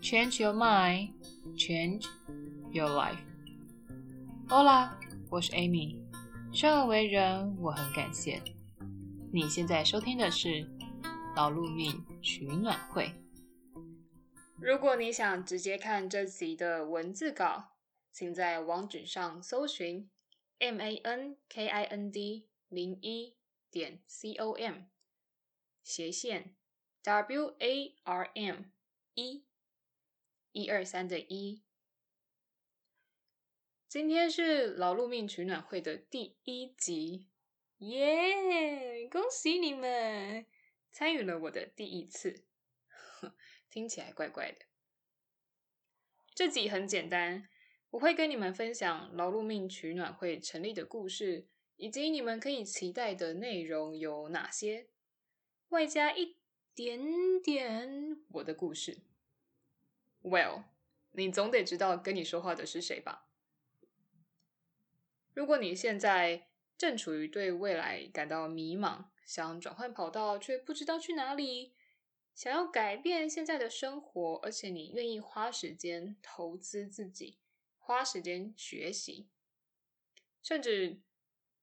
Change your mind, change your life. Hola，我是 Amy。生而為人，我很感謝。你現在收聽的是《勞碌命取暖會》。如果你想直接看這集的文字稿，請在網址上搜尋 mankind 零一點 com 斜線 warm 一。W A R M e, 一二三的一，今天是勞碌命取暖會的第一集，耶！恭喜你們參與了我的第一次，哼，聽起來怪怪的。這集很簡單，我會跟你們分享勞碌命取暖會成立的故事，以及你們可以期待的內容有哪些，外加一點點我的故事。Well，你總得知道跟你說話的是誰吧？如果你現在正處於對未來感到迷茫，想轉換跑道卻不知道去哪裡，想要改變現在的生活，而且你願意花時間投資自己，花時間學習，甚至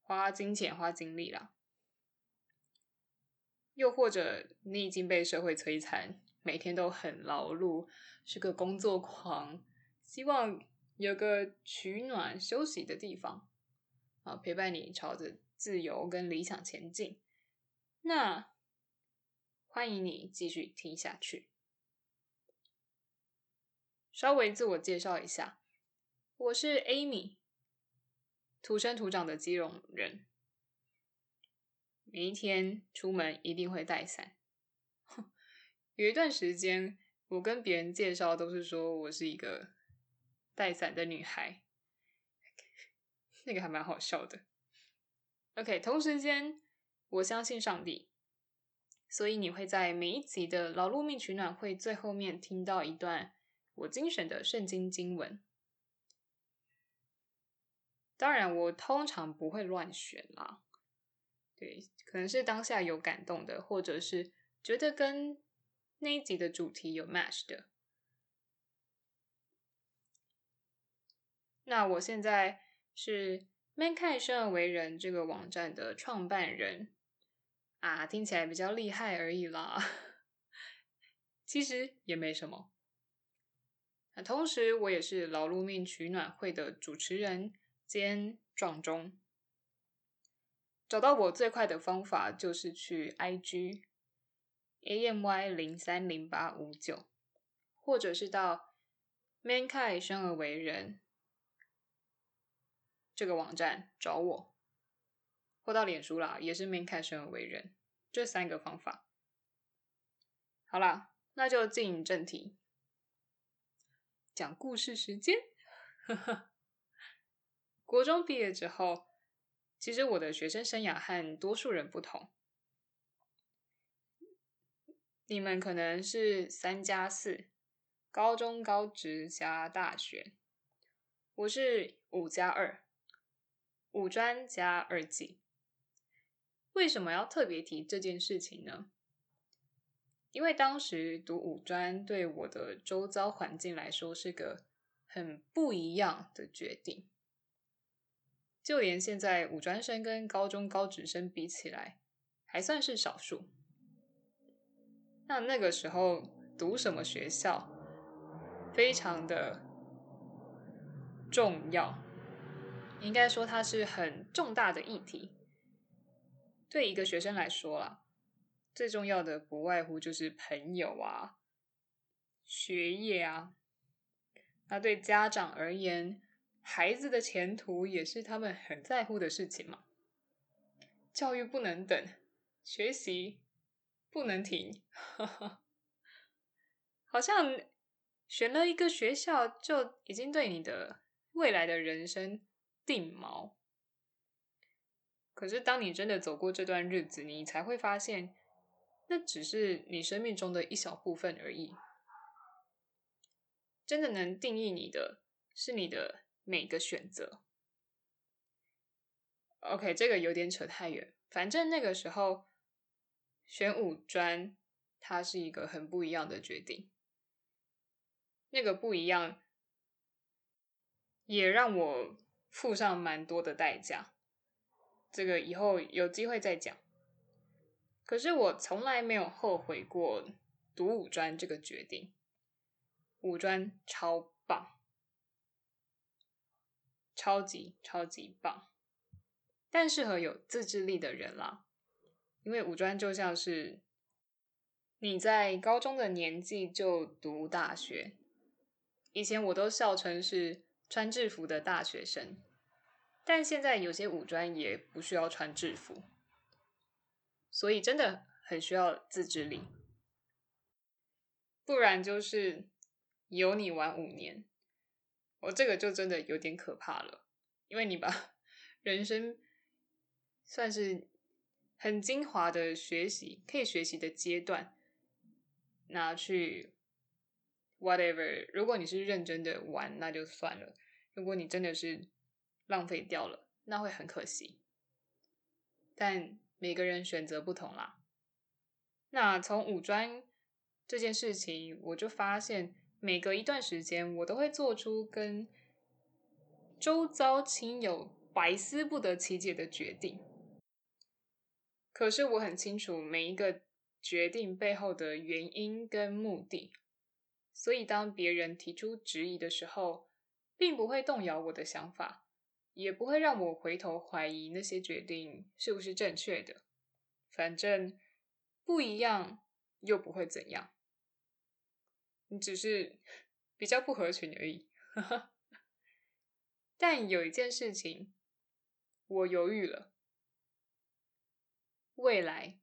花金錢、花精力了，又或者你已經被社會摧殘。每天都很勞碌，是個工作狂，希望有個取暖休息的地方啊，陪伴你朝着自由跟理想前進。那歡迎你繼續聽下去，稍微自我介紹一下，我是 Amy，土生土長的基隆人，每一天出門一定會帶傘。有一段時間，我跟別人介紹都是說我是一個帶傘的女孩， 那個還蠻好笑的。OK，同時間，我相信上帝，所以你會在每一集的勞碌命取暖會最後面聽到一段我精選的聖經經文。當然，我通常不會亂選啦，對，可能是當下有感動的，或者是覺得跟。那一集的主題有 match 的。那我現在是 Man Kind 生而為人這個網站的創辦人啊，聽起來比較厲害而已啦，其實也沒什麼。同時我也是勞碌命取暖會的主持人兼撞鐘。找到我最快的方法就是去 IG。A M Y 零三零八五九，或者是到 Man Kind 生而為人這個網站找我，或到臉書啦，也是 Man Kind 生而為人這三個方法。好啦，那就進正題，講故事時間。呵呵。國中畢業之後，其實我的學生生涯和多數人不同。你們可能是三加四，4, 高中高職加大學，我是五加二，2, 五專加二技。為什麼要特別提這件事情呢？因為當時讀五專對我的周遭環境來說是個很不一樣的決定，就連現在五專生跟高中高職生比起來，還算是少數。那那個時候讀什麼學校，非常的重要，應該說它是很重大的議題。對一個學生來說啦、啊，最重要的不外乎就是朋友啊、學業啊。那對家長而言，孩子的前途也是他們很在乎的事情嘛。教育不能等，學習不能停， 好像選了一個學校就已經對你的未來的人生定錨。可是當你真的走過這段日子，你才會發現，那只是你生命中的一小部分而已。真的能定義你的，是你的每個選擇。OK，這個有點扯太遠，反正那個時候。選五專，它是一個很不一樣的決定。那個不一樣，也讓我付上蠻多的代價。這個以後有機會再講。可是我從來沒有後悔過讀五專這個決定。五專超棒，超級超級棒，但適合有自制力的人啦。因為五專就像是你在高中的年紀就讀大學，以前我都笑稱，是穿制服的大學生，但現在有些五專也不需要穿制服，所以真的很需要自制力，不然就是有你玩五年，我、哦、這個就真的有點可怕了，因為你把人生算是。很精華的學習，可以學習的階段，拿去 whatever。如果你是認真的玩，那就算了；如果你真的是浪費掉了，那會很可惜。但每個人選擇不同啦。那從五專這件事情，我就發現，每隔一段時間，我都會做出跟周遭親友百思不得其解的決定。可是我很清楚每一個決定背後的原因跟目的，所以當別人提出質疑的時候，並不會動搖我的想法，也不會讓我回頭懷疑那些決定是不是正確的。反正不一樣又不會怎樣，你只是比較不合群而已。 但有一件事情，我猶豫了。未來，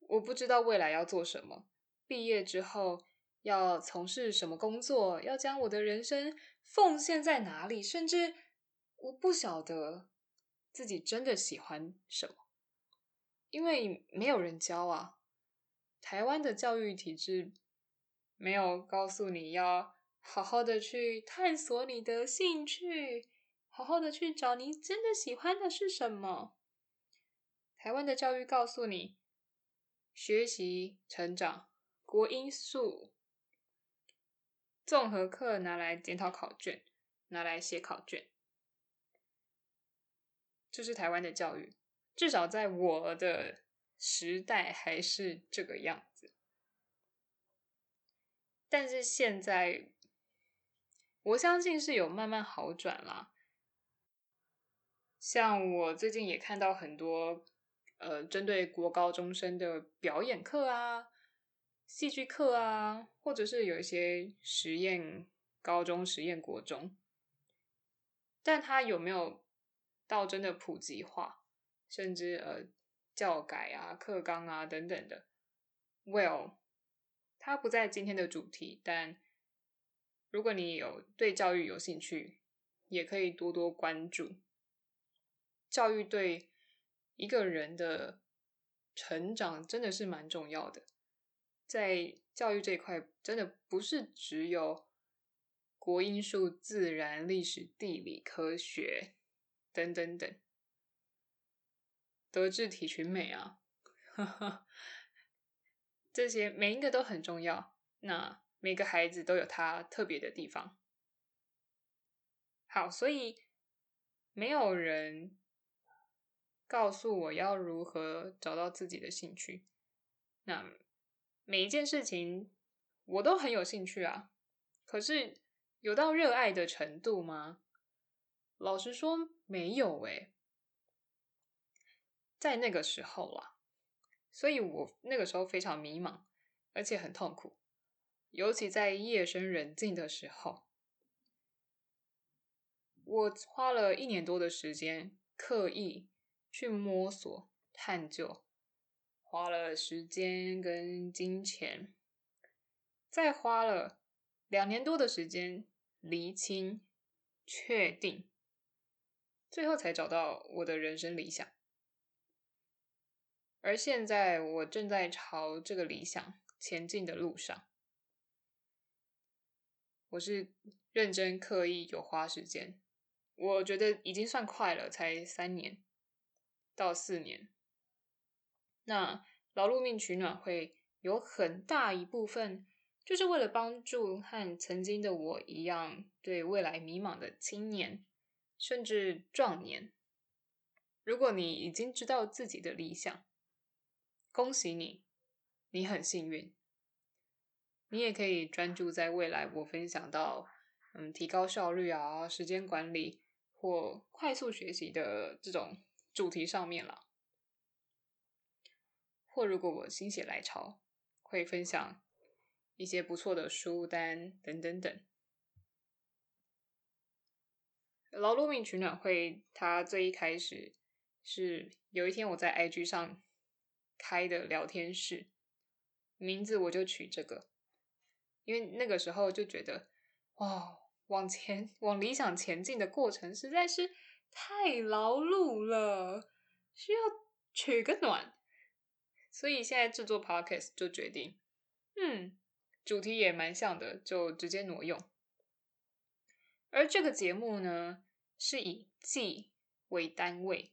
我不知道未來要做什麼。畢業之後要從事什麼工作，要將我的人生奉獻在哪裡，甚至我不曉得自己真的喜歡什麼，因為沒有人教啊。台灣的教育體制沒有告訴你要好好的去探索你的興趣。好好的去找你真的喜歡的是什麼？台灣的教育告訴你，學習成長，國英數，綜合課拿來檢討考卷，拿來寫考卷，就是台灣的教育。至少在我的時代還是這個樣子，但是現在，我相信是有慢慢好轉啦。像我最近也看到很多，呃，針對國高中生的表演課啊、戲劇課啊，或者是有一些實驗高中、實驗國中，但它有沒有到真的普及化，甚至呃教改啊、課綱啊等等的。Well，它不在今天的主題，但如果你有對教育有興趣，也可以多多關注。教育對一個人的成長真的是蠻重要的，在教育這一塊，真的不是只有國英數、自然、歷史、地理、科學等等等，德智體群美啊呵呵，這些每一個都很重要。那每個孩子都有他特別的地方。好，所以沒有人告訴我要如何找到自己的興趣。那每一件事情我都很有興趣啊，可是有到熱愛的程度嗎？老實說沒有誒、欸。在那個時候啦，所以我那個時候非常迷茫，而且很痛苦，尤其在夜深人靜的時候，我花了一年多的時間刻意。去摸索、探究，花了時間跟金錢，再花了兩年多的時間，釐清、確定，最後才找到我的人生理想。而現在，我正在朝這個理想前進的路上。我是認真、刻意、有花時間，我覺得已經算快了，才三年。到四年，那勞碌命取暖會有很大一部分，就是為了幫助和曾經的我一樣對未來迷茫的青年，甚至壯年。如果你已經知道自己的理想，恭喜你，你很幸運。你也可以專注在未來，我分享到，嗯，提高效率啊，時間管理，或快速學習的這種。主題上面了，或如果我心血來潮，會分享一些不錯的書單，等等等。勞碌命取暖會，它最一開始是有一天我在 IG 上開的聊天室，名字我就取這個，因為那個時候就覺得，哇，往前，往理想前進的過程實在是。太勞碌了，需要取個暖，所以現在製作 podcast 就決定，嗯，主題也蠻像的，就直接挪用。而這個節目呢，是以季為單位，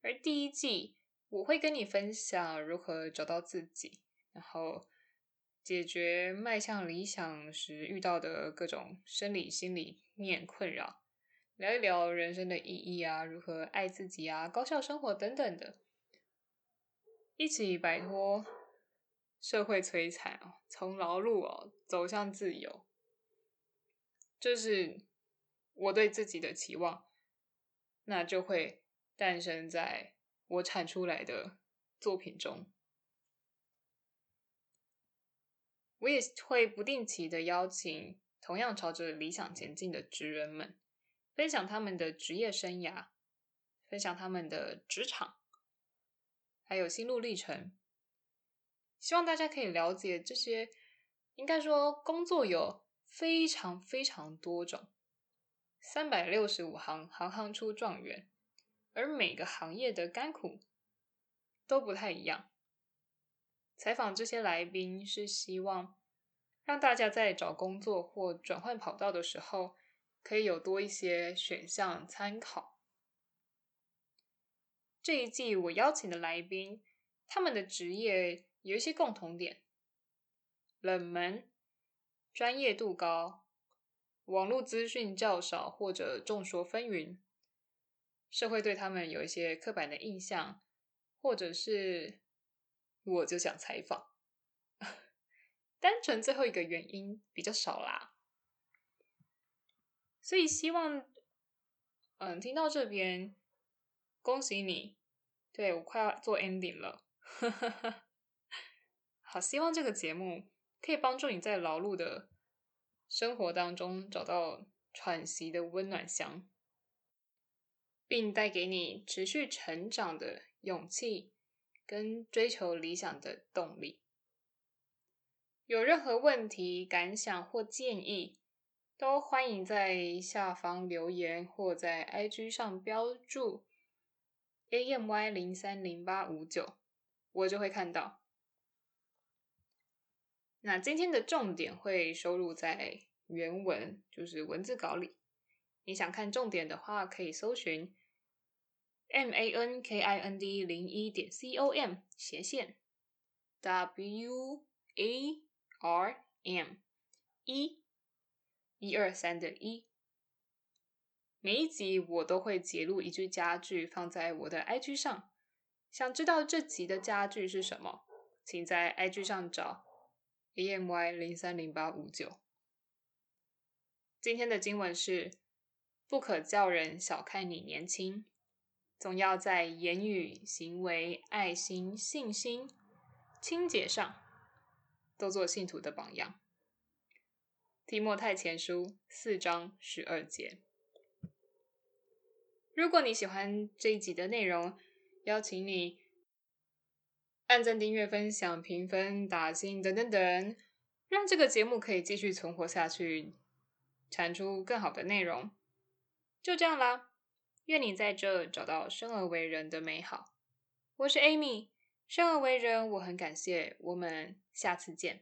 而第一季我會跟你分享如何找到自己，然後解決邁向理想時遇到的各種生理、心理面困擾。聊一聊人生的意義啊，如何愛自己啊，高效生活等等的，一起擺脫社會摧殘哦，從勞碌哦、啊、走向自由，這、就是我對自己的期望。那就會誕生在我產出來的作品中。我也會不定期的邀請同樣朝着理想前進的職人們。分享他們的職業生涯，分享他們的職場，還有心路歷程。希望大家可以了解這些。應該說，工作有非常非常多種，三百六十五行，行行出狀元，而每個行業的甘苦都不太一樣。採訪這些來賓，是希望讓大家在找工作或轉換跑道的時候，可以有多一些選項參考。這一季我邀請的來賓，他們的職業有一些共同點：冷門、專業度高、網絡資訊較少或者眾說紛紜，社會對他們有一些刻板的印象，或者是我就想採訪。 單純最後一個原因比較少啦。所以希望，嗯，聽到這邊，恭喜你，對，我快要做 ending 了，哈哈哈。好，希望這個節目可以幫助你在勞碌的生活當中找到喘息的溫暖鄉，並帶給你持續成長的勇氣跟追求理想的動力。有任何問題、感想或建議。都歡迎在下方留言，或在 IG 上標注 A M Y 零三零八五九，我就會看到。那今天的重點會收錄在原文，就是文字稿裡。你想看重點的話，可以搜尋 a M A N K I N D 零一點 C O M 斜線 W A R M 一。一二三的一，每一集我都會截錄一句佳句放在我的 IG 上。想知道這集的佳句是什麼，請在 IG 上找 Amy 零三零八五九。今天的經文是：不可叫人小看你年輕，總要在言語、行為、愛心、信心、清潔上都做信徒的榜樣。提莫太前書四章十二節。如果你喜歡這一集的內容，邀請你按讚、訂閱、分享、評分、打星等,等等等，讓這個節目可以繼續存活下去，產出更好的內容。就這樣啦，願你在這找到生而為人的美好。我是 Amy，生而為人，我很感謝。我們下次見。